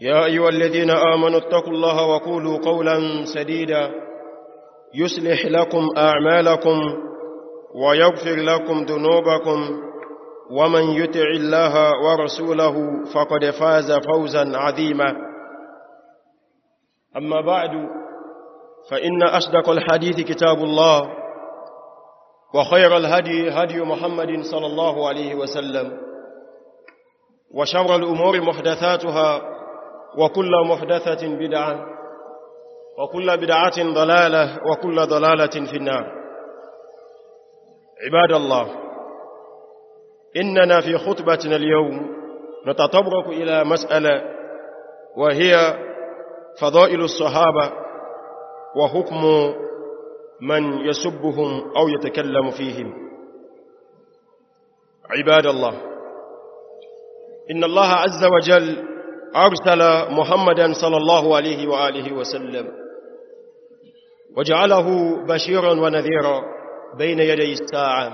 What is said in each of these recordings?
يا أيها الذين آمنوا اتقوا الله وقولوا قولا سديدا يصلح لكم أعمالكم ويغفر لكم ذنوبكم ومن يطع الله ورسوله فقد فاز فوزا عظيما أما بعد فإن أصدق الحديث كتاب الله وخير الهدي هدي محمد صلى الله عليه وسلم وشر الأمور محدثاتها وكل محدثة بدعة وكل بدعة ضلالة وكل ضلالة في النار عباد الله إننا في خطبتنا اليوم نتطرق إلى مسألة وهي فضائل الصحابة وحكم من يسبهم أو يتكلم فيهم عباد الله إن الله عز وجل أرسل محمدا صلى الله عليه وآله وسلم وجعله بشيرا ونذيرا بين يدي الساعة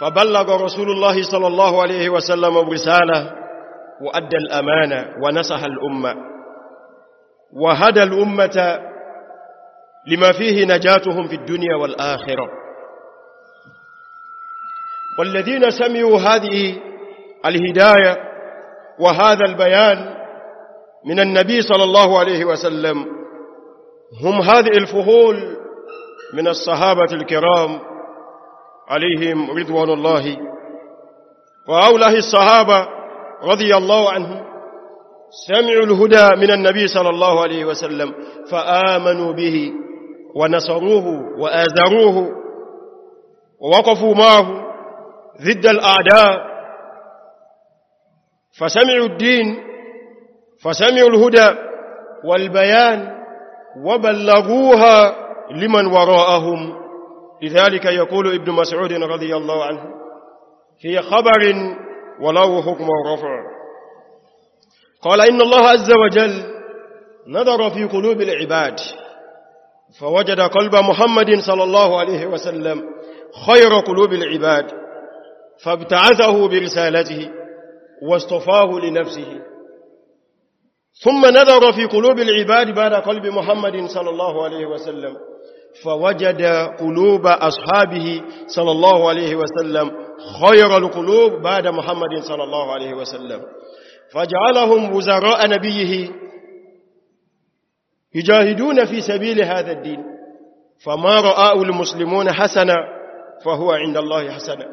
فبلغ رسول الله صلى الله عليه وسلم الرسالة وأدى الأمانة ونصح الأمة وهدى الأمة لما فيه نجاتهم في الدنيا والآخرة والذين سمعوا هذه الهداية وهذا البيان من النبي صلى الله عليه وسلم هم هذه الفهول من الصحابة الكرام عليهم رضوان الله وأوله الصحابة رضي الله عنهم سمعوا الهدى من النبي صلى الله عليه وسلم فآمنوا به ونصروه وآذروه ووقفوا معه ضد الأعداء فسمعوا الدين فسمعوا الهدى والبيان وبلغوها لمن وراءهم لذلك يقول ابن مسعود رضي الله عنه في خبر ولو حكم ورفع قال إن الله عز وجل نظر في قلوب العباد فوجد قلب محمد صلى الله عليه وسلم خير قلوب العباد فابتعثه برسالته واصطفاه لنفسه ثم نظر في قلوب العباد بعد قلب محمد صلى الله عليه وسلم فوجد قلوب أصحابه صلى الله عليه وسلم خير القلوب بعد محمد صلى الله عليه وسلم فجعلهم وزراء نبيه يجاهدون في سبيل هذا الدين فما رآه المسلمون حسنا فهو عند الله حسنا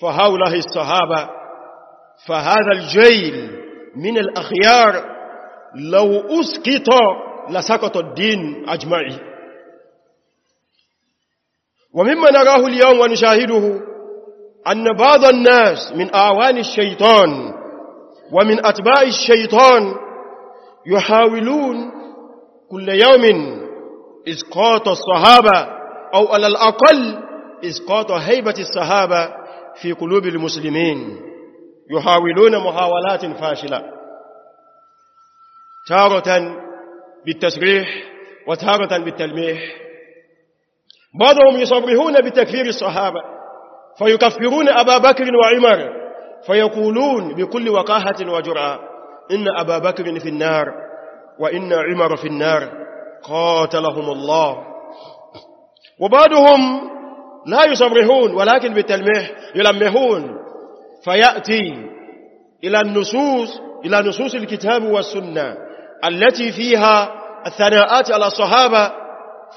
فهؤلاء الصحابة فهذا الجيل من الأخيار لو أسقط لسقط الدين أجمعي ومما نراه اليوم ونشاهده أن بعض الناس من أعوان الشيطان ومن أتباع الشيطان يحاولون كل يوم إسقاط الصحابة أو على الأقل إسقاط هيبة الصحابة في قلوب المسلمين يحاولون محاولات فاشلة تارة بالتسريح وتارة بالتلميح بعضهم يصرحون بتكفير الصحابة فيكفرون أبا بكر وعمر فيقولون بكل وقاهة وجرعة إن أبا بكر في النار وإن عمر في النار قاتلهم الله وبعضهم لا يصرحون ولكن بالتلميح يلمحون فيأتي إلى النصوص إلى نصوص الكتاب والسنة التي فيها الثناءات على الصحابة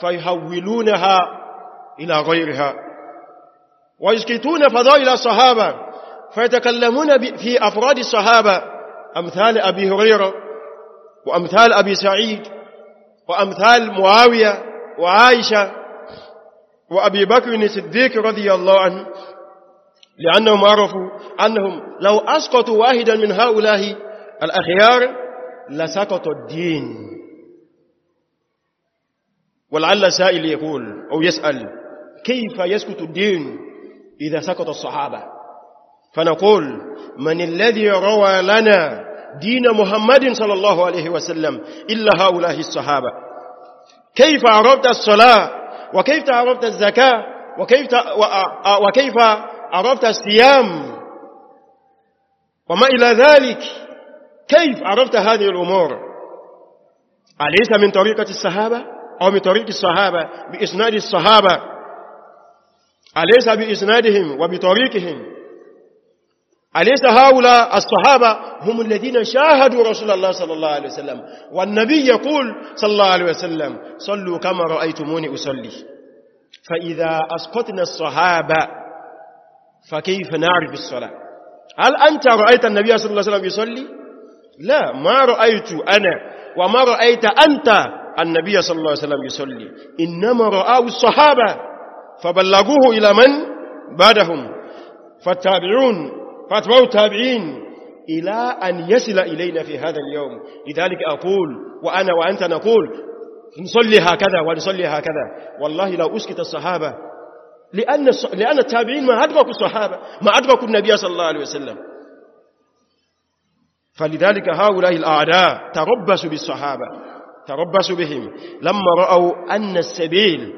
فيهولونها إلى غيرها ويسكتون فضائل الصحابة فيتكلمون في أفراد الصحابة أمثال أبي هريرة وأمثال أبي سعيد وأمثال معاوية وعائشة وأبي بكر الصديق رضي الله عنه لأنهم عرفوا أنهم لو أسقطوا واحدا من هؤلاء الأخيار لسقط الدين ولعل سائل يقول أو يسأل كيف يسقط الدين إذا سقط الصحابة فنقول من الذي روى لنا دين محمد صلى الله عليه وسلم إلا هؤلاء الصحابة كيف عرفت الصلاة وكيف عرفت الزكاة وكيف, وكيف عرفت الصيام وما إلى ذلك كيف عرفت هذه الأمور أليس من طريقة الصحابة أو من طريق الصحابة بإسناد الصحابة أليس بإسنادهم وبطريقهم أليس هؤلاء الصحابة هم الذين شاهدوا رسول الله صلى الله عليه وسلم والنبي يقول صلى الله عليه وسلم صلوا كما رأيتموني أصلي فإذا أسقطنا الصحابة فكيف نعرف الصلاة هل أنت رأيت النبي صلى الله عليه وسلم يصلي لا ما رأيت أنا وما رأيت أنت النبي صلى الله عليه وسلم يصلي إنما رأوا الصحابة فبلغوه إلى من بعدهم فالتابعون فاتبعوا التابعين إلى أن يصل إلينا في هذا اليوم لذلك أقول وأنا وأنت نقول نصلي هكذا ونصلي هكذا والله لو أسكت الصحابة لأن لأن التابعين ما أدركوا الصحابة ما أدركوا النبي صلى الله عليه وسلم فلذلك هؤلاء الأعداء تربصوا بالصحابة تربصوا بهم لما رأوا أن السبيل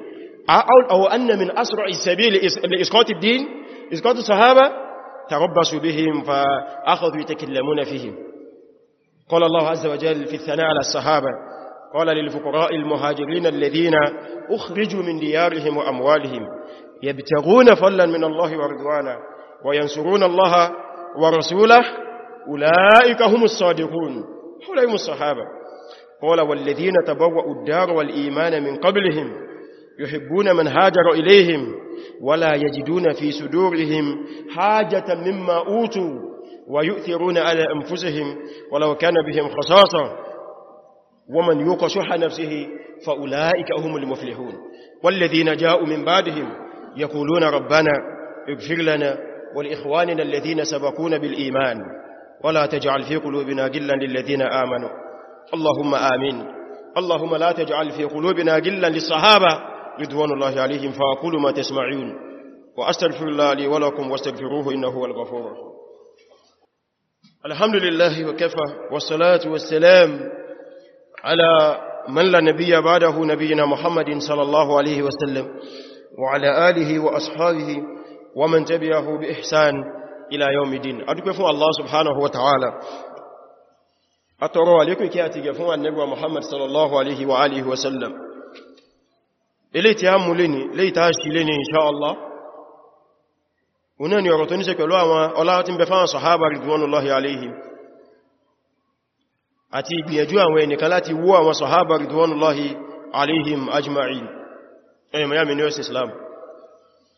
أو أن من أسرع السبيل لإسقاط الدين إسقاط الصحابة تربصوا بهم فأخذوا يتكلمون فيهم قال الله عز وجل في الثناء على الصحابة قال للفقراء المهاجرين الذين أخرجوا من ديارهم وأموالهم يبتغون فلا من الله ورضوانا وينصرون الله ورسوله أولئك هم الصادقون حليم الصحابة قال والذين تبوأوا الدار والإيمان من قبلهم يحبون من هاجر إليهم ولا يجدون في صدورهم حاجة مما أوتوا ويؤثرون على أنفسهم ولو كان بهم خصاصة ومن يوق نفسه فأولئك هم المفلحون والذين جاءوا من بعدهم يقولون ربنا اغفر لنا ولإخواننا الذين سبقونا بالإيمان ولا تجعل في قلوبنا غلا للذين آمنوا اللهم آمين اللهم لا تجعل في قلوبنا غلا للصحابة رضوان الله عليهم فأقول ما تسمعون وأستغفر الله لي ولكم واستغفروه إنه هو الغفور الحمد لله وكفى والصلاة والسلام على من لا نبي بعده نبينا محمد صلى الله عليه وسلم وعلى آله وأصحابه ومن تبعه بإحسان إلى يوم الدين أدوك فو الله سبحانه وتعالى أتروا عليكم كي أتقفون النبي محمد صلى الله عليه وآله وسلم إلي تيام لني لي تاشي لني إن شاء الله ونن يغطون سيكلوا ولا تنبفان صحابة رضوان الله عليهم àti ìgbìyànjú àwọn ẹnìkan láti wó àwọn sọ̀hábà ridwanullahi alaihim ajma'in ẹ̀yìn miami ní ọ̀sẹ̀ islam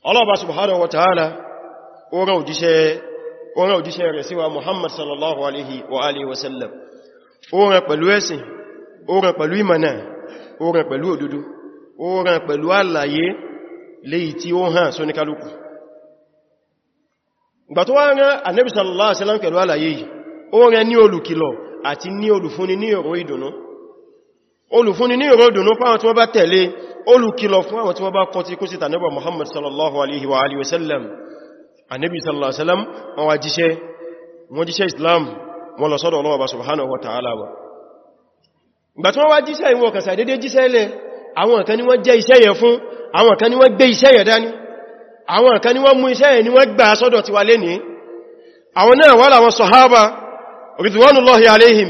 ọlọ́ọ̀bá subhanahu wa ta'ala oran òjíṣẹ́ rẹ̀ síwá muhammad sallallahu alaihi wa alihi wasallam oran pẹ̀lú ẹ̀sìn oran pẹ̀lú ìmọ̀nà oran pẹ̀lú òdodo oran pẹ̀lú àlàyé léyìí tí ó hàn sóníkálùkù gbà tó wá rán anẹ́bì sallallahu alaihi wasallam pẹ̀lú àlàyé yìí oran ní olùkìlọ̀ olùkìlọ̀ fún àwọn tí wọ́n bá kọ́ ti kó síta nígbà Muhammad sallallahu alaihi wa alihi wasallam annabi sallallahu alaihi wasallam wọ́n wá jíṣẹ́ wọ́n jíṣẹ́ Islam wọ́n lọ sọ́dọ̀ Ọlọ́run subhanahu wa ta'ala wa ìgbà tí wọ́n wá jíṣẹ́ ìwọ̀n kàsà dédé jíṣẹ́ ilẹ̀ àwọn kan ni wọ́n jẹ́ iṣẹ́ yẹn fún àwọn kan ni wọ́n gbé iṣẹ́ yẹn dání àwọn kan ni wọ́n mú iṣẹ́ yẹn ni wọ́n gbà sọ́dọ̀ ti wa lẹ́ni àwọn náà wà láwọn sọ̀hábà ridwanullahi alaihim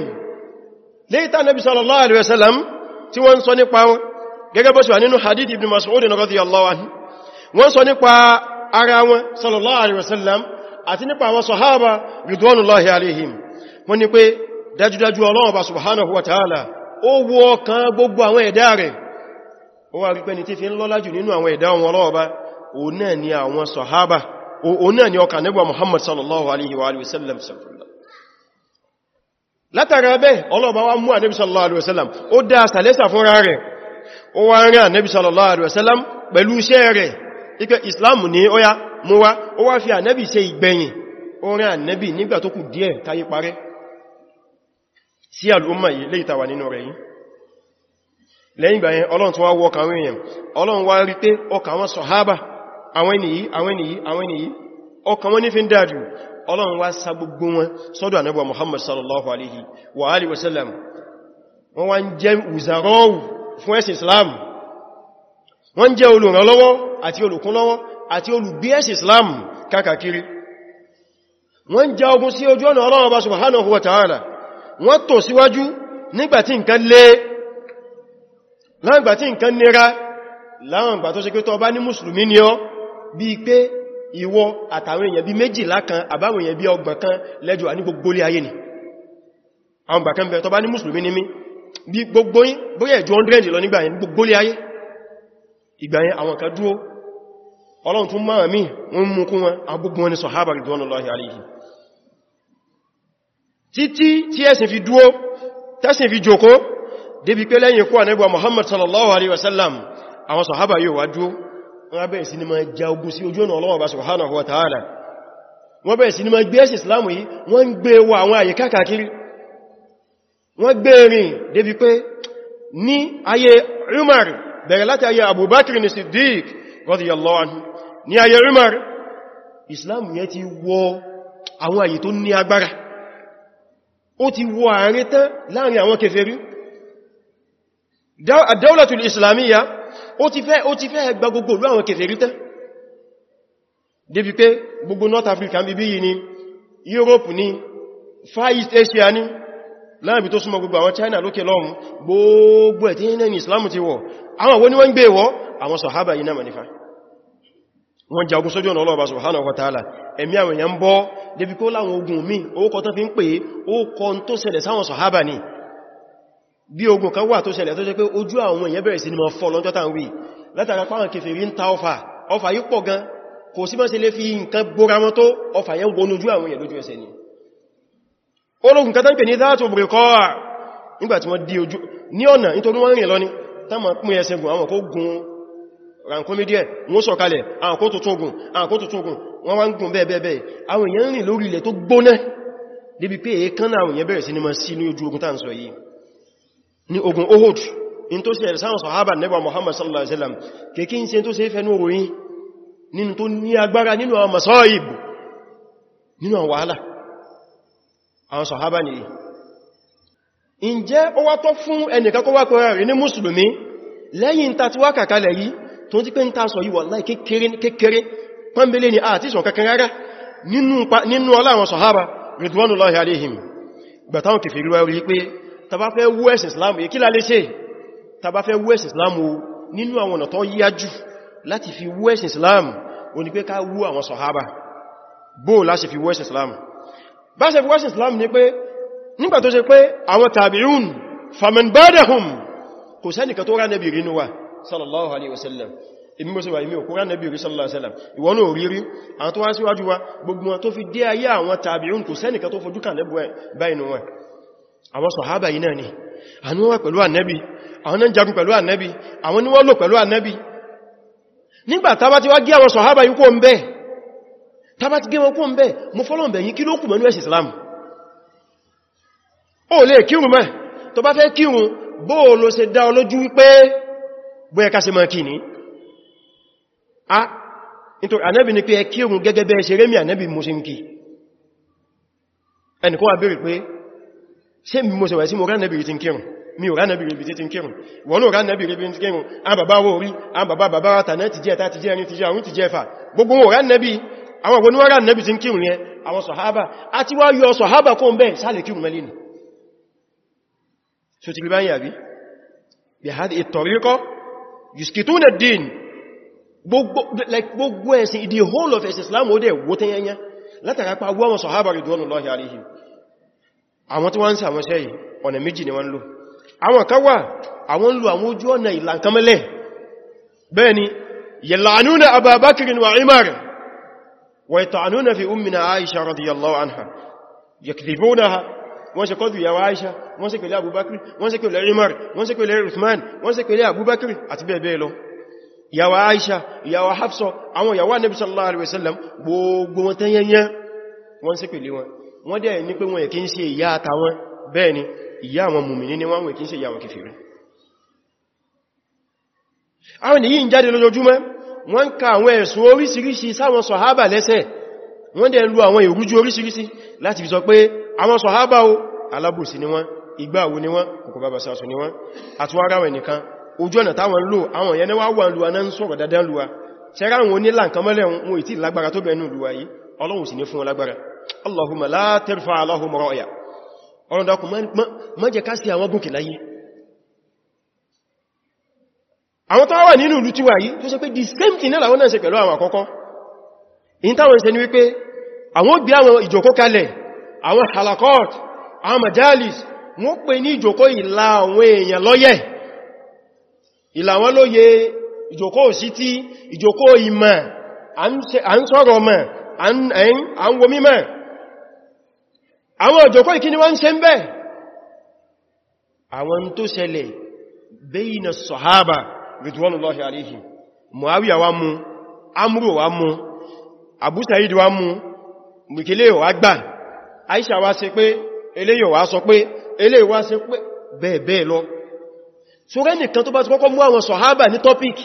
lẹ́yìn tá nabi sallallahu alaihi wasallam tí wọ́n sọ nípa wọn gẹ́gẹ́ bó ṣe wà nínú hadith ibn Mas'ud radiyallahu anhu wọ́n sọ nípa ara wọn sallallahu alaihi wasallam àti nípa àwọn sahaba ridwanullahi alaihim wọ́n ní pé dájúdájú Ọlọ́run bá subhanahu wa ta'ala ó wo ọkàn gbogbo àwọn ẹ̀dá rẹ̀ ó wá rí pé tí fi ń lọ́lájù nínú àwọn ẹ̀dá wọn Ọlọ́run bá náà ni àwọn sahaba òun náà ni ọkàn nígbà Muhammad sallallahu alaihi wa alihi látara bẹ́ẹ̀ Ọlọ́run bá mú ànábì sallallahu alaihi wasallam ó dá sàlẹ́sà fúnra rẹ̀ ó wá rán ànẹ́bì sallallahu alaihi wasallam pẹ̀lú iṣẹ́ rẹ̀ ike islam ní ó mú fi anebise ṣe ìgbẹ̀yìn ó rán ànẹ́bì nígbà tó kù díẹ̀ táyé parẹ́ sí àlúmà yìí lè tàwà nínú rẹ̀ yìí lẹ́yìn ìgbà yẹn ọlọ́run tó wá wọ ọkàn èèyàn ọlọ́run wá rí pé ọkàn wọn sọ̀hábà àwọn wa alihi wọ́n wá ń jẹ́ fún ẹ̀sìn islam wọ́n jẹ́ olùrànlọ́wọ́ àti olùkúnlọ́wọ́ àti olùgbé ẹ̀sìn islam kákàkiri wọ́n ja ogun sí ojú ọ̀nà Ọlọ́run Ọba subhanahu wa ta'ala wọ́n tò síwájú nígbàtí nǹkan le láàgbàtí nǹkan nira láàgbà tó ṣe pé tó bá ní mùsùlùmí ni ọ́ bí pé ìwọ àtàwọn èèyàn bí méjìlá kan àbáwọn èèyàn bí ọgbọ̀n kan lẹ́jọ́ ní gbogbo lé ayé ni àwọn gbàkan bẹ̀ tó bá ní mùsùlùmí ni mí bí gbogbo yín bóyá ẹ̀jọ 100 lọ nígbà yẹn gbogbo lé ayé ìgbà yẹn àwọn kan dúó ọlọ́run tún máa mí wọ́n mú kún wọn agbogbo wọn ni sọ̀hábà ridwanullahi alayhi títí tí ẹ̀sìn fi dúó tẹ́sìn fi jòkó débi Muhammad sallallahu alaihi wasallam àwọn sọ̀hábà yóò wá dúó wọ́n bẹ̀rẹ̀ sí ni máa ja ogun sí ojú ọ̀nà ọlọ́wọ́ bá subhanahu wa ta'ala wọ́n bẹ̀rẹ̀ sí wọ́n gbẹ̀rin débi pé ní ayé Umar bẹ̀rẹ̀ láti ayé Abubakar ní Siddiq radiyallahu anhu ní ayé Umar Islam yẹn ti wọ àwọn àyè tó ní agbára ó ti wọ àárín tán láàrin àwọn kèfèrí ad-dawlatul islamiyya ó ti fẹ́ ó ti fẹ́ gba gbogbo olú àwọn kèfèrí tán débi pé gbogbo North Africa bíbí yìí ni Europe ni Far East Asia ni láàbí tó súnmọ́ gbogbo àwọn China lókè lọ́run gbogbo ẹ̀ tí ní ní Islam ti wọ̀ àwọn àwọn oníwọ́n gbé wọ́ àwọn sọ̀hábà yìí náà manífà wọ́n jagun sójú ọ̀nà ọlọ́ọ̀bá subhanahu wa ta'ala ẹ̀mí àwọn èèyàn bọ́ débi kó láwọn ogun mi ókọ tán fi ń pè ó kọ tó ṣẹlẹ̀ sáwọn sọ̀hábà ní bí ogun kan wà tó ṣẹlẹ̀ tó ṣe pé ojú àwọn èèyàn bẹ̀rẹ̀ ológun kan tán pè ní záàtò bùrìkọ́wà nígbàtí wọ́n dí ojú ní ọ̀nà nítorí wọ́n rìn lọ ní tánmà pín ẹsẹ̀ gùn àwọn kó gun rankomidíẹ̀ wọ́n sọ̀kalẹ̀ àwọn kó tuntun gùn àwọn kó tuntun gùn wọ́n wá ń gùn bẹ́ẹ̀bẹ́ẹ̀ àwọn èèyàn rìn ogun tá à Muhammad àwọn sọ̀hábà ní ǹjẹ́ ó wá tọ́ fún ẹnìkan kó wá pẹ̀rẹ̀ rí ní mùsùlùmí lẹ́yìn ta ti wá kàkalẹ̀ yìí tó ti pé ń ta sọ yìí wàláhì kékeré pọ́nbélé ni àti sọ kankan rárá nínú ọlá sọ̀hábà ridwanullahi alaihim gbàtàwọn kèfèrí wá la lè ṣe tá bá fẹ́ wú Islam nínú àwọn ọ̀nà tó yíyá jù láti fi wú ẹ̀sìn Islam ó ní pé ká wú àwọn sọ̀hábà Islam bá ṣe fi wáṣe islam ní pé nígbà tó ṣe pé àwọn tàbíyún famin bádahùn kò sẹ́nìkà tó rá nẹ́bì rí níwà sallallahu alaihi wasallam ibi mo ṣe wà imi òkúrá nẹ́bì rí sallallahu alaihi wasallam ìwọ̀n ò rí rí àwọn tó wá síwájú wa gbogbo wọn tó fi dé ayé àwọn tàbíyún kò sẹ́nìkà tó fojú kan lẹ́bù báyìí wọn àwọn nígbà tá bá wá gé àwọn sọ̀hábà yìí ń bẹ́ẹ̀ tàbá ti gé wọn kó ń bẹ́ mo fọ́lọ̀ bẹ̀ yìí kí ló kù mọ́ ní ẹ̀sì islam o lè kírun mẹ́ tó bá fẹ́ kírun bó o ló ṣe dá ọ lójú wípé bóyẹ ká ṣe mọ́ kí ní a nítorí ànábì ni pé ẹ kírun gẹ́gẹ́ bẹ́ẹ̀ ṣe rémi ànábì mo mi ò rá ànábì rẹ̀ bí ti ń kírun wọ́n ló rá ànábì rẹ̀ bí ti ń kírun a bàbá wo orí a bàbá bàbá tànà ti jẹ́ ta ti jẹ́ ẹni ti jẹ́ àrùn ti jẹ́ fà gbogbo wọn àwọn ògbónú wọ́n rà nẹ́bì tí ń kírùn yẹn àwọn sọ̀hábà a ti wá yọ sọ̀hábà kó ń bẹ́ sáàlẹ̀ kírùn mẹ́lì ní so ti gbígbá yàbí bí i hadi ìtọ̀ríkọ́ yuskitun ad-din gbogbo ẹ̀sìn ìdí whole of Islam ó dẹ̀ wó tẹ́yẹnyẹ látara pa gbọ́ àwọn sọ̀hábà ridwanullahi alaihim àwọn tí wọ́n ń sàwọn sẹ́yìn ọ̀nà méjì ni wọ́n lò àwọn kan wà àwọn ń lò àwọn wa Umar ويطعنون في أمنا عائشة رضي الله عنها يكذبونها wọ́n ṣe kọ́dù ìyàwó Aisha wọ́n ṣe pẹ̀lú Abubakar wọ́n ṣe pẹ̀lú Umar wọ́n ṣe pẹ̀lú Uthman wọ́n ṣe pẹ̀lú Abubakar àti bẹ́ẹ̀ bẹ́ẹ̀ lọ ìyàwó Aisha ìyàwó Hafsa àwọn ìyàwó Ànábì sallallahu alaihi wasallam gbogbo wọn tán yẹnyẹ wọ́n ṣe pẹ̀lú wọn wọ́n dẹ̀ ní pé wọn è kí ń ṣe ìyá àtàwọn bẹ́ẹ̀ ni ìyá àwọn mùmìnì ni wọ́n wọ́n kí ń ṣe ìyá àwọn kèfèrí àwọn èyí ń jáde lójoojúmọ́ wọ́n ka àwọn ẹ̀sùn oríṣiríṣi sáwọn sọ̀hábà lẹ́sẹ̀ wọ́n dẹ̀ lu àwọn ìrújú oríṣiríṣi láti fi sọ pé àwọn sọ̀hábà o alábòsí ni wọ́n ìgbàwo ni wọ́n kòkò bàbà sàtù ni wọ́n àtúwáráwẹ̀ nìkan ojú ọ̀nà táwọn lò àwọn ìyẹn wá wà lùwà náà ń sọ̀rọ̀ dandan lùwà ṣẹ́rá wọn ní láǹkan mọ́lẹ̀ wọn ìtì lágbára tó bẹ̀ẹ̀nù lùwà allahumma la tarfa lahum ra'ya ọ̀rọ̀dọ̀kùn mọ́jẹ ká sí àwọn àwọn tó wà nínú ìlú yìí tó ṣe pé the same thing àwọn náà ṣe pẹ̀lú àwọn àkọ́kọ́ in táwọn ni wípé àwọn àwọn ìjòkó kalẹ̀ àwọn halakot àwọn majalis wọ́n pè ní ìjòkó ìlà àwọn èèyàn lọ́yẹ̀ ìlà wọn lóye ìjòkó òsítí ìjòkó ìmọ̀ à ń sọ̀rọ̀ mọ̀ à ń ridwanullahi alayhim muawiya wá mú amru wá mú abu sa'id wá mú mikile wá gbà aisha wa ṣe pé eleyo wa sọ pé eleyo wa ṣe pé bẹ́ẹ̀ bẹ́ẹ̀ lọ so re nìkan tó bá kọ́kọ́ mú àwọn sahaba ní topic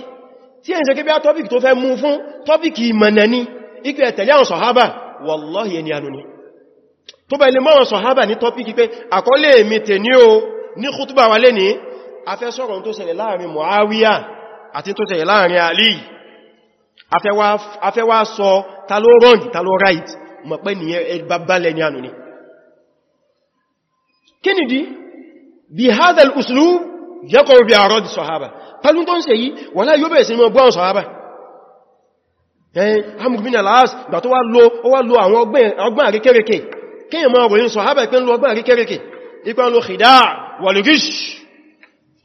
tí en ṣe ke bí a topic tó fẹ́ mú fún topic imanani ipe ẹ tẹ̀lé àwọn sahaba wallahi ẹni anu ni tó bá ilé mọ́ àwọn sahaba ní topic pé àkọlé mi tẹ̀ ní o ní khutba wa lẹ́ni afẹ́ sọ̀rọ̀ tó ṣẹlẹ̀ láàrin Muawiya àti tó ṣẹlẹ̀ láàrin Ali afẹ́ wá sọ ta ló wrong ta right mọ̀ pé ní ẹgbàbálẹ̀ ní ànú ni kí ni dí bí hadal uslub yẹ́kọ̀ bí àrọ́ di sọ̀hábà pẹ̀lú tó ń ṣe yìí wọ́n láyé yóò bẹ̀rẹ̀ sí mọ́ bọ́n sọ̀hábà ẹn amùgbìn aláàs gbà tó wá lo àwọn ọgbọ́n àríkẹ́rẹ́kẹ́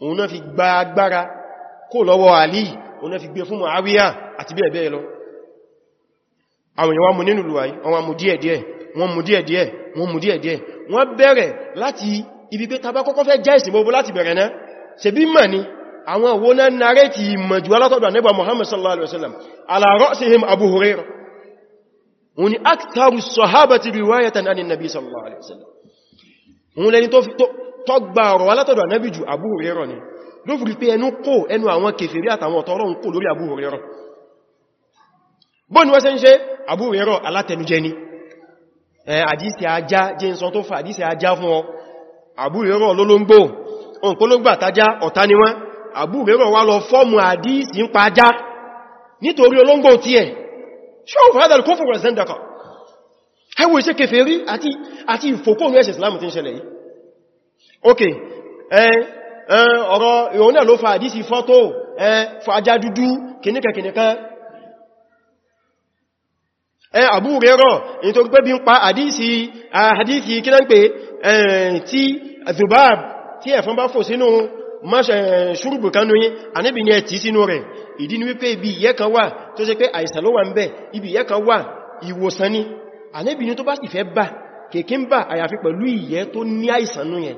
òun náà fi gba agbára kó lọ́wọ́ Àlì òun náà fi gbé fún Muawiya àti bẹ́ẹ̀ bẹ́ẹ̀ lọ àwọn èèyàn wá mú nínú lùwà yìí wọ́n mú díẹ̀díẹ̀ wọ́n mú díẹ̀díẹ̀ wọ́n mú díẹ̀díẹ̀ wọ́n bẹ̀rẹ̀ láti ibi pé tàbá kọ́kọ́ fẹ́ jẹ́ ìsìnbó láti bẹ̀rẹ̀ náà ṣe bí mọ̀ ní àwọn owó náà narẹ́tì ìmọ̀jú alátọ́dọ̀ Ànábì Muhammad sallallahu alaihi wasallam ala ra'sihim Abu Hurairah tó gba ọ̀rọ̀ wá látọ̀dọ̀ ànábì Abu Hurairah ni ló fi pé ẹnu kò ẹnu àwọn kèfèrí àtàwọn ọ̀tọ́rọ̀ kò lórí Abu Hurairah bọ́n ni wọ́n ṣe ń ṣe Abu Hurairah alátẹnujẹ ni àdísì ajá jẹ́nsọ tó fà àdísì ajá fún ọ Abu Hurairah olólógbò òǹkólógbà tajá ọ̀tá ni wọ́n Abu Hurairah wá lọ fọ́ọ̀mù àdísì ń pa ajá nítorí olóngbò tí ẹ̀ ṣọ́ọ̀fù hadal kófù rẹ̀ zendaka ẹwọ Islam ti ok ọ̀rọ̀ ìhòun náà ló fa àdísì fọ́tò fàájá dúdú kìníkẹ̀kìníkan Abu Hurairah nítorí pé bí ń pa àdísì àdísì kí náà pé tí zubab tí ẹ̀fọn bá fò sínú ṣúrùbù kanú yí àníbì ní ẹ̀tì sínú rẹ̀ ìdí ni wípé ibi ìyẹ́ kan wà tó ṣe pé àìsàn ló wà ń bẹ ibi ìyẹ́ kan wà ìwòsàn ni àníbì ni tó bá sì fẹ́ bà kèké bà àyàfi pẹ̀lú ìyẹ́ tó ní àìsàn nú yẹn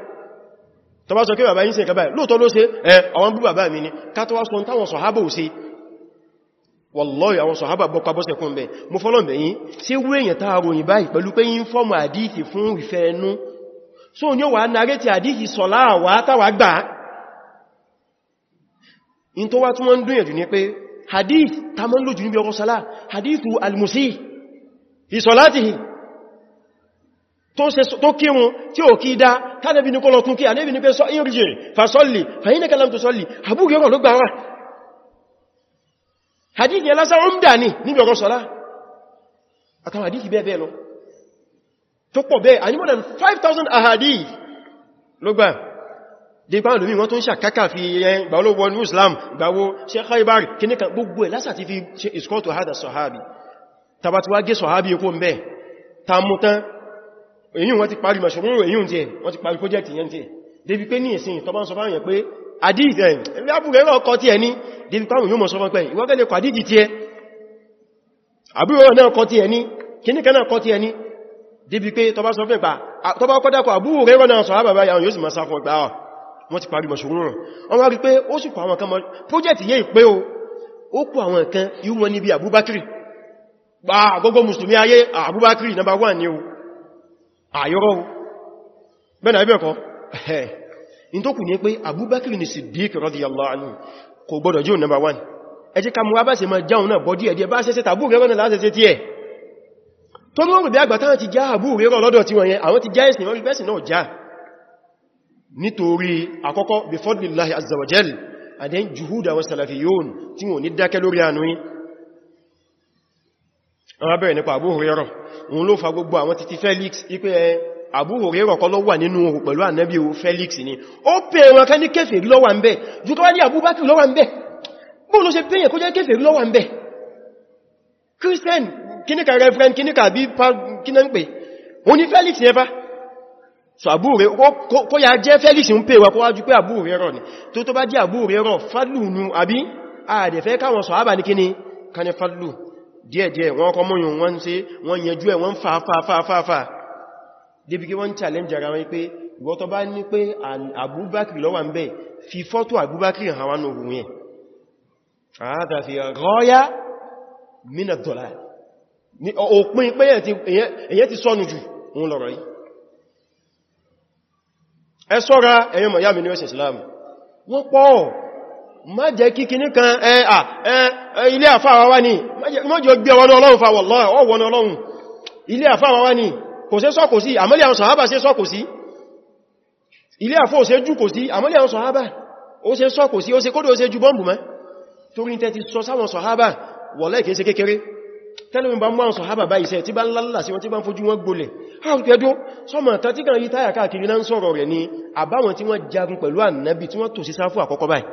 tó bá sọ kí bàbá yín ṣe kẹbàá lóòtọ́ ló ṣe ẹ àwọn bú bàbá mi ní ká tó wá sọ táwọn sọ̀hábà ò ṣe wallahi àwọn sọ̀hábà bọ́kwa bọ́sẹ̀ kún bẹ̀ mú fọ́lọ̀mẹ̀ yín sí wé èyàn tàà ròyìn pé yín fọ́mù fún lójú níbi ọkọ̀ hadithu tó kírun tí ò kí dá tánàbí ní kọlọ tún kí ànẹ́bí ní pé sọ ìrìnjìn fàṣọ́lì fàyínàkàlám tó sọ́lì àbúrò ẹ̀rọ ló gbà wá hadithi ẹlásá ó ń dà ní níbi ọ̀rọ̀ sọ́lá àtàwọn hadithi bẹ́ẹ̀ bẹ́ẹ̀ lọ tó pọ̀ bẹ́ẹ̀ àní more than 5,000 ahadith ló gbà dé pàwọn lómi wọ́n tó ń ṣàkákà fi ẹn gbàwó ló wọnú Islam gbàwó ṣẹ́kọ́ ibari kìníkà gbogbo ẹ̀ lásà ti fi ṣe ìskọ́tò hádà sọ̀hábì tàbàtíwá gé sọ̀hábì ikú ń bẹ́ẹ̀ tàmùtán èyí wọ́n ti parí mọ̀ṣùgbọ́n èyí tí ẹ̀ wọ́n ti parí project yẹn tí ẹ̀ débi pé ní ìsìn tọ́bá ń sọ fáwọn yẹn pé àdíjì ẹ̀ ẹ̀rẹ́ àbúrẹ́ rọ̀ kọ́ tí ẹ̀ ní débi pàwọn yóò mọ̀ sọ fún pẹ̀ ìwọ́gẹ́lẹ̀ kọ àdíjì tí ẹ àbúrò náà kọ́ tí ẹ ní kíníkẹ́ náà kọ́ tí ẹ ní débi pé tọ́bá sọ fẹ́ gbà tọ́bá kọ́ dákọ̀ àbúrò rẹ̀ náà sọ àbàbà yàwọn yóò sì máa sáfọ́ gbà wọ́n ti parí mọ̀ṣùgbọ́n rọ̀ wọ́n wá rí pé ó sì kọ àwọn kan mọ́ project o ó kọ àwọn nǹkan yíò wọn níbi àbúbákìrì gbà gbogbo mùsùlùmí ayé àbúbákìrì number one àyọ́rọ̀ bẹ́nà ibẹ̀ kan ẹ̀ in tó kù ní pé abúbákìrì ní Siddiq radiyallahu anhu kò gbọdọ̀ jíò number one ẹ jẹ́ ká múra bá ṣe ma jáun náà bọ́ díẹ̀díẹ̀ bá ṣe ṣe tàbú rẹ̀ rẹ̀ láti ṣe tí ẹ̀ tó ní wọ́n rẹ̀ àgbà táwọn ti já àbú rẹ̀ lọ́dọ̀ tí wọ́n yẹn àwọn ti já ìsìn orí bẹ́sìn náà já nítorí àkọ́kọ́ bi fadlillahi azza wa jal àdẹ́n juhuda wa salafiyun tí wọ́n ní dákẹ́ lórí ànúyí àwọn abẹ́rẹ̀ nípa Abu Hurairah òun ló fa gbogbo àwọn títí Felix ipé ẹ eh, Abu Hurairah kọ́ ló wà nínú ohun pẹ̀lú ànábí o Felix ni ó pè wọn ká ní kèfèrí ló wà ń bẹ̀ jù kọ́ wá ní Abubakar ló wà ń bẹ̀ bóò ló ṣe pèyàn kó jẹ́ kèfèrí ló ń bẹ̀ Christian kíníkà reverend kíníkà bí kíná ń pè ó ní Felix yẹn bá so Abu Hurairah kó ya jẹ́ Felix ń pè wọn kó wájú pé Abu Hurairah ni tó tó bá jẹ́ Abu Hurairah fadlù nu àbí àdẹ̀fẹ́ káwọn sọ̀hábà ní kíní kanífàlù díẹ̀díẹ̀ wọ́n kọ́ mọ́yún wọ́n ṣe wọ́n yanjú ẹ̀ wọ́n fàáfàáfàáfà débi kí wọ́n challenge ara wọn pé ìwọ tó bá ní pé Abubakar ló wà ń bẹ̀ fi fọ́tò Abubakar hàn wá nóòrùn yẹn àádà fi rọ́yá mínà dọ̀là ní òpin pé èyẹ ti sọ́nù jù òun lọ̀rọ̀ yìí ẹ sọ́ra ẹ̀yọ́ mọ̀ yá mi ní ẹ̀sìn Islam wọ́n pọ̀ má jẹ́ kí kinní kan ilé àfáà wá ní má jẹ́ gbé wọn ọlọ́run fa wallahi ọwọ́n ọlọ́run ilé àfáà wá ní kò sí sọ́kò sí àmọ́lẹ̀ àwọn sàhábà sí sọ́kò sí ilé àfọ́ ò sí jù kò sí àmọ́lẹ̀ àwọn sàhábà ó sí sọ́kò sí ó sí kódò ó sí jù bọ́m̀bù mẹ́ torí tẹ́ ti sọ sáwọn sàhábà wallahi kìí ṣe kékeré tẹ́lùmí bá mọ́ àwọn sàhábà bá iṣẹ́ tí bá ń lálà sí wọn tí bá ń fojú wọn gbolẹ̀ áàrùkẹ́dó sọmọ̀ tàtíkàn yí táyà káàkiri náà ń sọ̀rọ̀ rẹ̀ ni àbáwọn tí wọ́n jagun pẹ̀lú ànábì tí wọ́n tò sí sáfù àkọ́kọ́ báyìí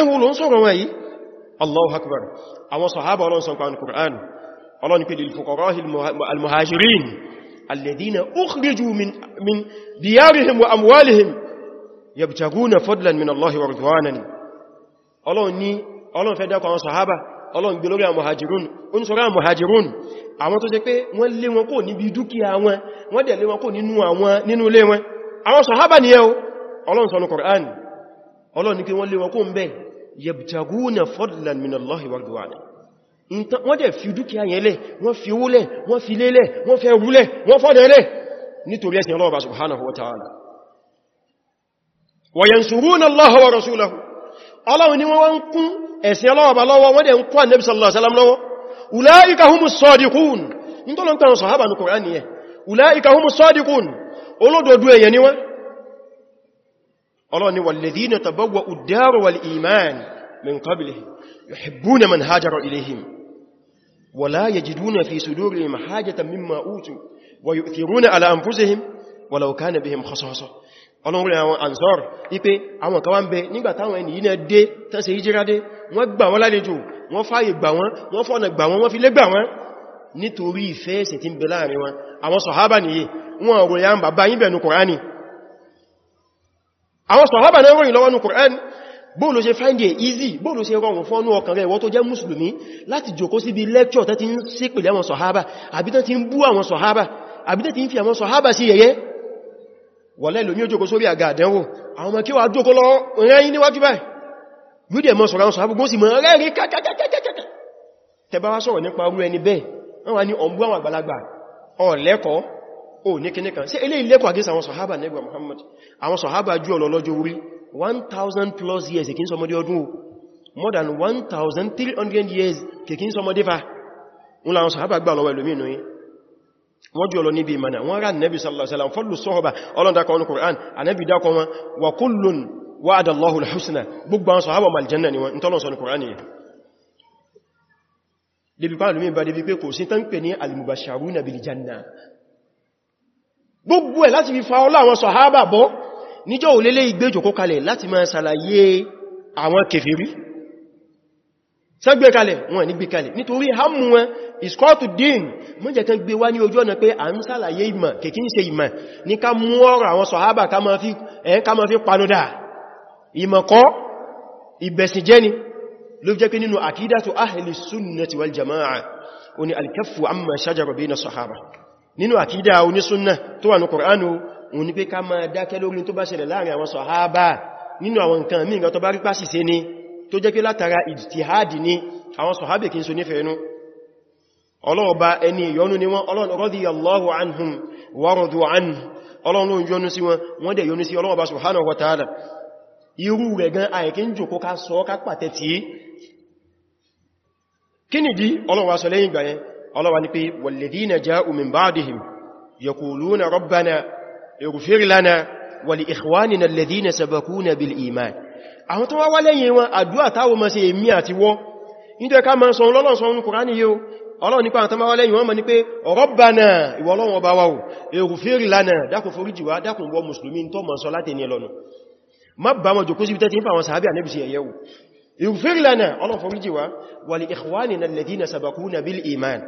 ẹwọ lọ ń sọ̀rọ̀ wọn yìí allahu akbar àwọn sahaba ọlọ́n sọ pàánù kùrán ọlọ́n pè lil fuqara'il al-muhajirin alladhina ukhriju min diyarihim wa amwalihim yabtaguna fadlan min allahi wa ridwanan ọlọ́n ní ọlọ́n fẹ́ dákọ̀ àwọn sahaba ọlọ́n gbé lórí al-muhajirun ó ń sọ̀rọ̀ al-muhajirun àwọn tó ṣe pé wọ́n lé wọn kò níbi wọ́n dẹ̀ ń bẹ́ẹ̀ yabtaguna fadlan min Allahi wa ridwana wọ́n dẹ̀ fi dúkìá yẹn lẹ̀ wọ́n fi owó lẹ̀ wọ́n fi lélẹ̀ wọ́n fẹ́ rúlẹ̀ wọ́n fọ́dẹ̀ lẹ̀ nítorí ẹ̀sìn ọlọ́ọ̀bá subhanahu wa ta'ala wa yansuruna Allaha wa rasulahu Allah ni wọ́n kún ẹ̀sìn ọlọ́ọ̀bá lọ́wọ́ wọ́n dẹ̀ ń kún Ànábì sallallahu alaihi wasallam lọ́wọ́ ulaika humus sadiqun nítorí ọ̀tọ̀ sàhábà Ọlọ́run ni walladhina tabawwa'u ad-dara wal-imana min qablihim yuhibbuna man hajara ilayhim wa la yajiduna fi sudurihim hajatan mimma utu wa yu'thiruna ala yìí tí ń bẹ láàrin wọn àwọn sọ̀hábà náà ròyìn lọ́wọ́ ní Kùrán bóòlò ṣe find it easy bóòlò ṣe rọrùn fún ọnú ọkàn rẹ̀ ìwọ tó jẹ́ mùsùlùmí láti jókòó síbi lecture tẹ́ ti ń ṣépèlé àwọn sọ̀hábà tẹ́ ti ń bú àwọn ti ń fi àwọn sọ̀hábà sí yẹ̀yẹ́ wọ̀lẹ́ lómi ó jókòó sórí àga àdánwò àwọn ọmọ kí wà jókòó lọ rẹ́yìn níwájú báyìí yóò dẹ̀ mọ́ sọ̀rọ̀ àwọn sọ̀hábà gbọ́n sì mọ́ rẹ́rìn kàkàkàkàkà tẹ bá wá sọ̀rọ̀ nípa orú ẹni bẹ́ẹ̀ wọ́n wá ní ọ̀mbú àwọn àgbàlagbà ọ̀lẹ́kọ̀ọ́ o oh, ní kíní kan sí ilé ilẹ́kọ̀ àgínsà àwọn sọ̀hábà nẹ́gbà Muhammad àwọn sọ̀hábà jù ọlọ́lọ́jọ́ orí 1000 plus years kìí sọmọdé ọdún more than 1300 years kìí sọmọdé fa ń láwọn sọ̀hábà gbà lọ́wọ́ ẹlòmínú yìí wọ́n jù ọlọ́ níbi ìmànà wọ́n rá nẹ́bì sallallahu alaihi wasallam fọ́lù sọ́họ̀bà ọlọ́ndakọ̀ ọnù Qur'an ànẹ́bì dákọ̀ wọn wà kullun wa'ada Allahu al-husna gbogbo àwọn sọ̀hábà maljanna ni wọ́n ń tọ́lọ̀ sọ́nù Qur'an yìí débi pàlùmí bá débi pé al-mubashsharuna bil janna gbogbo ẹ̀ láti fi fa ọlá àwọn sọ̀hábà bọ́ níjọ́ òlélé ìgbéjòkó kalẹ̀ láti máa sàlàyé àwọn kèfèrí sẹ́gbé kalẹ̀ wọn ní gbé kalẹ̀ nítorí hàmù wọn ìskọ́tù dín mọ́jẹ̀ kan gbé wá ní ojú ọ̀nà pé a ń sàlàyé ìmọ̀ kèkí ń ṣe ìmọ̀ ní ká mú ọ̀rọ̀ àwọn sọ̀hábà ká máa fi panudà ìmọ̀kọ́ ìbẹ̀sìnjẹ́ni ló jẹ́ pé nínú àkídàtù ahli sunnati wal jama'a oní alkafu amma shajara bayna sọ̀hábà nínú àkídà onísúnnà tó wà ní Kùránù òun ni pé ká máa dákẹ́ lórí tó bá ṣẹlẹ̀ láàrin àwọn sọ̀hábà nínú àwọn nǹkan mí nǹkan tó bá rí pàṣì ni tó jẹ́ pé látara ni àwọn sọ̀hábà kí n so nífẹ̀ẹ́ ẹni ni wọ́n ọlọ́run radiyallahu anhum wa radu anhu ọlọ́run kí nìdí ọlọ́wà ní pé walladhina ja'u min ba'dihim yaquluna rabbana ighfir lana wa li ikhwanina alladhina sabaquna bil iman àwọn tó wá wá lẹ́yìn wọn àdúrà táwọn mọ́ sí èmi àti wọ́n nítorí ká máa sọ lọ́lọ́ sọ ní kùránì yíó ọlọ́run nípa àwọn tamáwà lẹ́yìn wọ́n mọ̀ ní pé rabbana ìwọ ọlọ́run ọba wa o ighfir lana dákùn foríjì wá dákùn wọ mùsùlùmí tó mọ̀ sọ láti ní lọ́nà má bá mọ̀ jòkó sí tẹ́tí ń fàwọn sàábí ànẹ́bì sí ẹ̀yẹ́wò ighfir lana ọlọ́run foríjì wá wa li ikhwanina alladhina sabaquna bil iman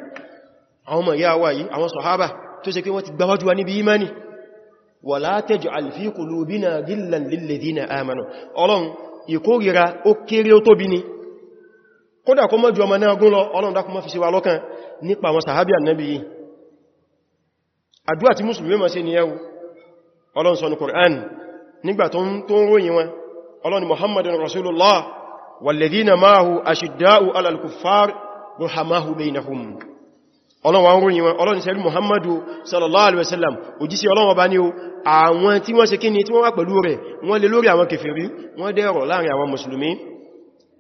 àwọn ọmọ ìyá wa yìí àwọn sọ̀hábà tó ṣe pé wọ́n ti gbáwájú wa níbi imani wala taj'al fi qulubina ghillan lilladhina amanu ọlọ́run ìkórira ó kéré ó tóbi ni kódà kó mọ́jú ọmọ náà gún lọ ọlọ́run dákun má fi ṣe wa lọ́kàn nípa àwọn sàhábí ànábì yìí àdúrà tí mùsùlùmí máa ṣe nìyẹn ọlọ́run sọ ní Qur'an nígbà tó ń ròyìn wọn ọlọ́run bainahum ọlọ́wọ́ orin wọn ọlọ́ni sẹ́rí muhammadu sallallahu alaihi wasallam òjíṣẹ́ ọlọ́wọ́ bá ní o àwọn tí wọ́n ṣe kí ni tí wọ́n wà pẹ̀lú rẹ̀ wọ́n lè lórí àwọn kèfèrí wọ́n dẹ̀rọ̀ láàrin àwọn mùsùlùmí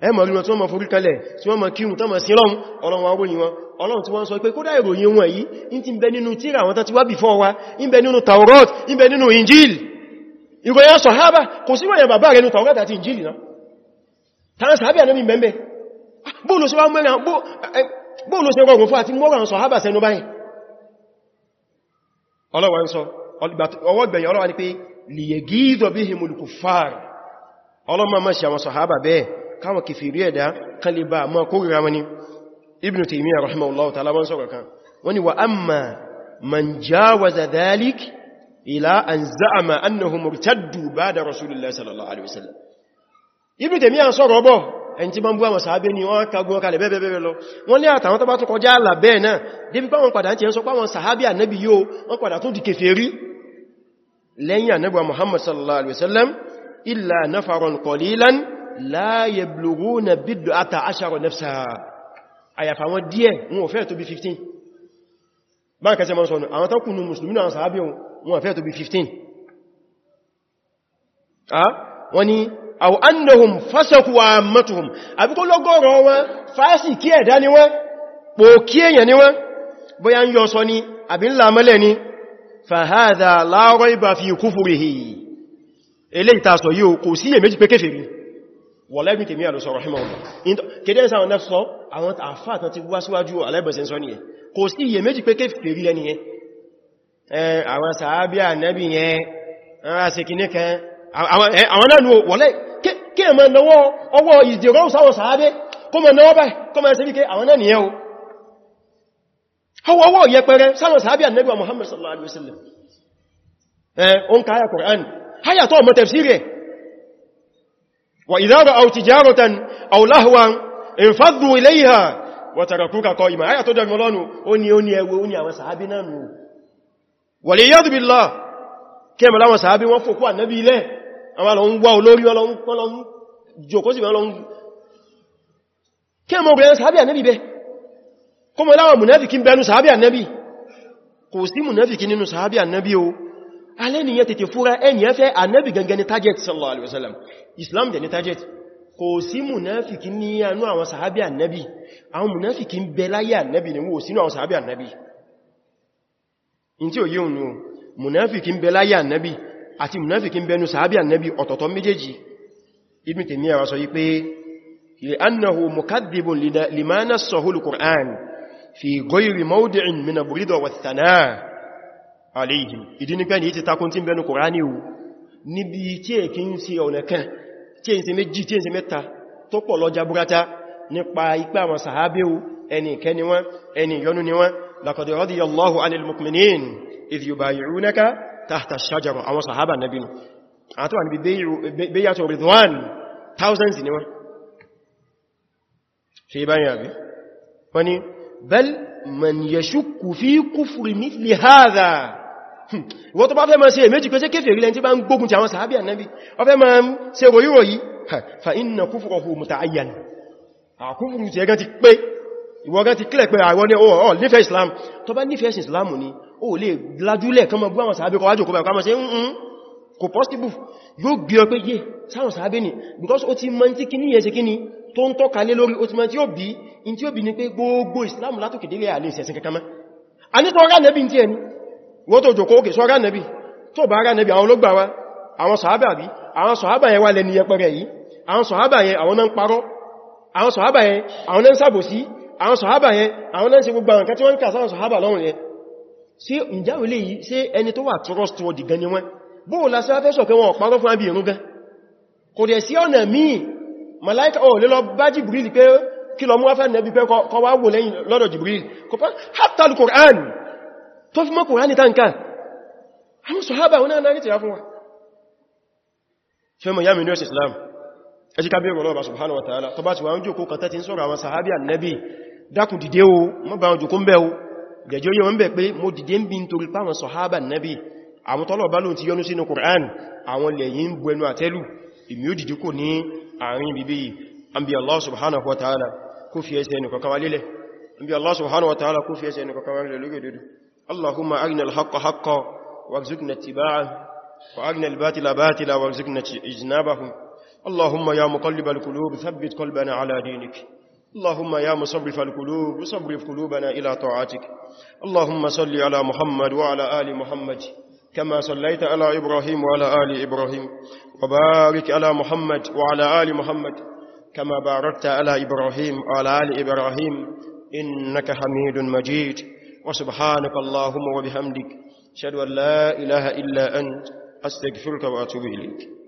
ẹmọ̀ rí wọn tí wọ́n mọ̀ forí kalẹ̀ tí wọ́n mọ̀ kírun tán mọ̀ sí lọ́m ọlọ́wọ́ orin wọn ọlọ́run tí wọ́n sọ pé kódà ìròyìn wọn yìí in ti bẹ nínú tírà àwọn tán ti wá before wa in bẹ nínú taurat in bẹ nínú injil ìròyìn sọ̀hábà kò sí wọ̀nyẹ̀ bàbá rẹ̀ nínú taurat àti injil náà tán sàábẹ̀ ànẹ́mì bóòlù sí wá mẹ́rin bóò ló ṣe rọrùn fún àti mọ́ràn sọ̀hábà sẹ́nu báyìí ọlọ́wà ń sọ ọwọ́ gbẹ̀yìn ọlọ́wà ní pé liyaghiza bihimul kuffar ọlọ́mà má ṣe àwọn sọ̀hábà bẹ́ẹ̀ káwọn kìfìrí ẹ̀dá kan mọ́ Ibn Taymiyyah sọ̀rọ̀ kan ẹni tí bá ń bú àwọn sàábé ni wọ́n kagun ọkàlẹ̀ bẹ́ẹ̀bẹ́ẹ̀ lọ wọ́n ní àtàwọn tó bá tún kọjá àlà bẹ́ẹ̀ náà débi pá wọn padà ń ti ẹ́ sọ pá wọn sàábé ànẹ́bì yóò wọ́n padà tún di kèfèrí lẹ́yìn ànẹ́bì Muhammad sallallahu alaihi wasallam illa nafaron 15 bá kẹsẹ̀ mọ́ sọ̀nà àwọn tọ́kùnù mùsùlùmí náà sàábé wọn ò 15 ah, wọ́n ni aw annahum fasaku ammatuhum àbí kó lọ́gọ́rọ̀ wọn fásì kí ẹ̀dá ni wọ́n pò kí èyàn ni wọ́n bóyá ń yọ sọ ni àbí ń lámọ́lẹ̀ ni fahadha la rayba fi kufrihi ilé ìtasọ̀ yíò kò sí èméjì pé kéfèrí wọ̀lẹ́bìn tèmí àlùsọ̀ rahimahullah àwọn náà lò wọ́lẹ́ kí ẹ̀mọ̀ náwọ́ ọwọ́ ìdìrọ́ sáwọn sàábé kó mọ̀ náwọ́ báyìí kó mọ̀ ẹ̀sẹ̀ wíké àwọn náà nìyẹn o ọwọ́ yẹpẹrẹ sáwọn sàábé ànẹ́gbà Muhammad sallallahu alaihi wasallam ẹ̀ o ń káyà Kùránì háyà tó ọmọ tẹ̀fsírì wa idha ra'aw tijaratan aw lahwan infaddu ilayha wa tarakuka qa'iman háyà tó dẹ̀gbọ́n lọ́nu ó ní ó ní ẹwẹ́ àwọn lọ ń wá olórí ọlọ́run jòkó sí ọlọ́run kí ẹmọ obìnrin sàábí ànẹ́bì bẹ́ kó mọ́ láwọn mùnáfikí ń bẹnu sàábí o alẹ́niyàn tètè fúra ẹniyàn fẹ́ ànẹ́bì gangan ni sallallahu alaihi Islam dẹ̀ ni target kò sí mùnáfikí ní anú àwọn sàábí ànẹ́bì àwọn mùnáfikí ń bẹ láyé ànẹ́bì ni wò sínú àwọn sàábí ànẹ́bì in tí ò yíò nù mùnáfikí ń bẹ láyé ànẹ́bì àti munafiki ń bẹnu sàábí annabi ọ̀tọ̀tọ̀ méjèèjì Ibn Taymiyyah wá sọ yí pé li annahu mukaddibun lima nassahu al-Qur'an fi ghayri mawdi'in min al-bughdi wa al-thana' alayhim ìdí ni pé ní ti takun tí ń bẹnu Qur'ani wù níbi tí è kí ń ṣe ọ̀nà kan tí è ń méjì tí è ń mẹ́ta tó pọ̀ lọ́jà búrátá nípa ipá àwọn sàábí ẹni ìkẹ́ ni wọ́n ẹni ìyọnú ni wọ́n laqad radiyallahu 'anil mu'minin idh yubayi'unaka tahta shajara àwọn sahaba nabinu àwọn tó wà níbi bayyatu ridwan thousands ni wọ́n ṣe báyìí àbí wọ́n ni bal man yashukku fi kufri mithli hadha wọ́n tó bá fẹ́ máa ṣe èméjì pé ṣe kéfèrí lẹ́n tí bá ń gbógun ti àwọn sàábí ànábí wọ́n fẹ́ máa ṣe ròyírò yìí fa inna kufruhu muta'ayyan àkúfùrù ti ẹgán ti pé ìwọ̀gán ti kílẹ̀ pé àwọn ní ọ̀ nífẹ́ islam tó bá nífẹ́ islam ni ó lè lájúlẹ̀ kan mọ́ bú àwọn sàábé kọwàá jòkó bàkọ́ mọ́sí ń kò pọ́stibù yóò gbé ọ pé yé sáwọn sàábé ni because ó ti mọ́ tí kíní yẹ ṣe kíní tó ń tọ́ka lé lórí ó ti mọ́ tí ó bí in tí ó bí ni pé gbogbo Islam látòkè délé àlè ìṣẹ̀sìn kankan mọ́ a ní sọ́rá nẹ́bí tí ẹni wọ́n tó jòkó òkè sọ́rá nẹ́bí tó bá rá nẹ́bí àwọn ológbà wa àwọn sàábà bí àwọn sàábà yẹn wà lẹ́ni yẹpẹrẹ yìí àwọn sàábà yẹn àwọn náà ń parọ́ àwọn sàábà yẹn àwọn náà ń ṣàbòsí àwọn sàábà yẹn àwọn náà ń ṣe gbogbo àwọn kan tí wọ́n ń kà sáwọn sàábà lọ́rùn yẹn ṣe ǹjáwé lè yí ṣe ẹni tó wà trustworthy gan ni wọ́n bóò lásí afẹ́ṣọ̀ pé wọn ọ̀pàá fún àbí ìrún gan kò dẹ̀ sí ọ̀nà míì màláíkà ò lè lọ bá Jibril pé kí lọ mú afẹ́ nẹ́bí pé kọ wá wò lẹ́yìn lọ́dọ̀ Jibril kò pá hatta al-Qur'an tó fi mọ́ Qur'an tánkà àwọn sọ̀hábà wọn náà náà fún wa fẹ́mọ̀ yàmì ní ọ̀sẹ̀ Islam ẹjí ká bí ọ̀rọ̀ ọba subhanahu wa ta'ala tó bá ti wà ń jòkó kan tẹ́ ti ń sọ̀rọ̀ àwọn sàhábì annabi dákùn dìde o mọ́ bá wọn jòkó ń gẹ̀jọ́ yíò ń bẹ̀ pé mo dìde ń bí n torí páwọn sọ̀hábà nẹ́bí àwọn tọ́lọ̀bá bá loun ti yọ́nú sínú Kùrán àwọn lẹ̀yìn ń bu ẹnu àtẹ́lù ìmú ó dìde kò ní àárín bíbí an bí Allah subhanahu wa kó fi ẹsẹ̀ ẹnìkọ̀kan kó اللهم يا مصرف القلوب صرف قلوبنا إلى طاعتك اللهم صل على محمد وعلى آل محمد كما صليت على إبراهيم وعلى آل إبراهيم وبارك على محمد وعلى آل محمد كما باركت على إبراهيم وعلى آل إبراهيم إنك حميد مجيد وسبحانك اللهم وبحمدك أشهد أن لا إله إلا أنت أستغفرك وأتوب إليك